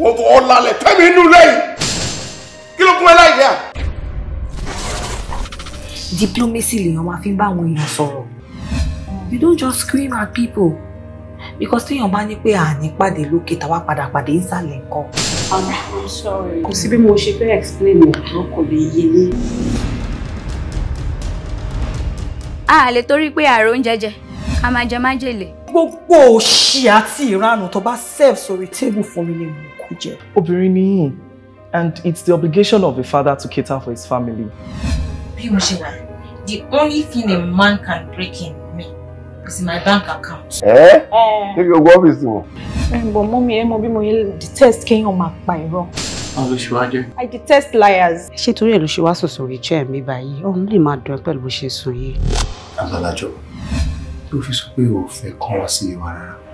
wọ́n bọ̀ ọ́ lálẹ́ tẹ́mi inú lẹ́yìn kí ló kún ẹ láì yá. diplomacy lèèyàn máa fi ń bá àwọn èèyàn sọ̀rọ̀ you don't just scream at people because téèyàn bá ní pé àní pàdé lókè táwa padà pàdé ìsàlẹ̀ nǹkan. I'm sorry. kò sí bí mo ṣe fẹ́ explain ẹ̀ tó kò lè yé mi. a lè torí pé ààrẹ oúnjẹ jẹ a máa jẹ májèlé. gbogbo òṣì àti ìranù tó bá serve sórí table fún mi ni mo kò jẹ. obìnrin ni yín and it's the obligation of a father to cater for his family. bí mo ṣe wà the only thing a man can break in me is my bank account. ẹ ẹ níbi ogun ọ́fíìsì wọn. ẹ bọ̀ mi ẹ mọ bí mo yẹ detest kéèyàn máa pa irọ́. Àwọn I detest liars. Ṣé torí ẹ̀ ló ṣe wá sùn sórí iṣẹ́ mi báyìí? Ọ̀run lè máa dùn pẹ̀lú bó ṣe sùn yìí. Àgbàlájọ́ ló fi sọ pé ò fẹ́ kán wá sílé wa rárá.